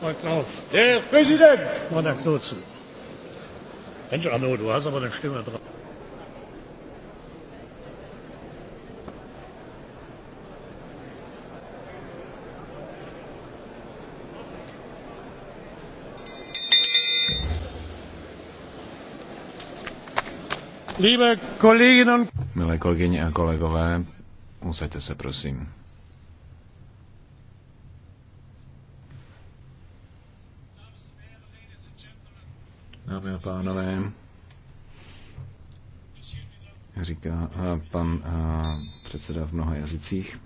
Herr Klaus. Herr Präsident! Und Herr Knutzen. Mensch, Arno, du hast aber eine Stimme drauf. Milé kolegyně a kolegové, usaďte se prosím. dámy a pánové, říká eh, pan eh, předseda v mnoha jazycích.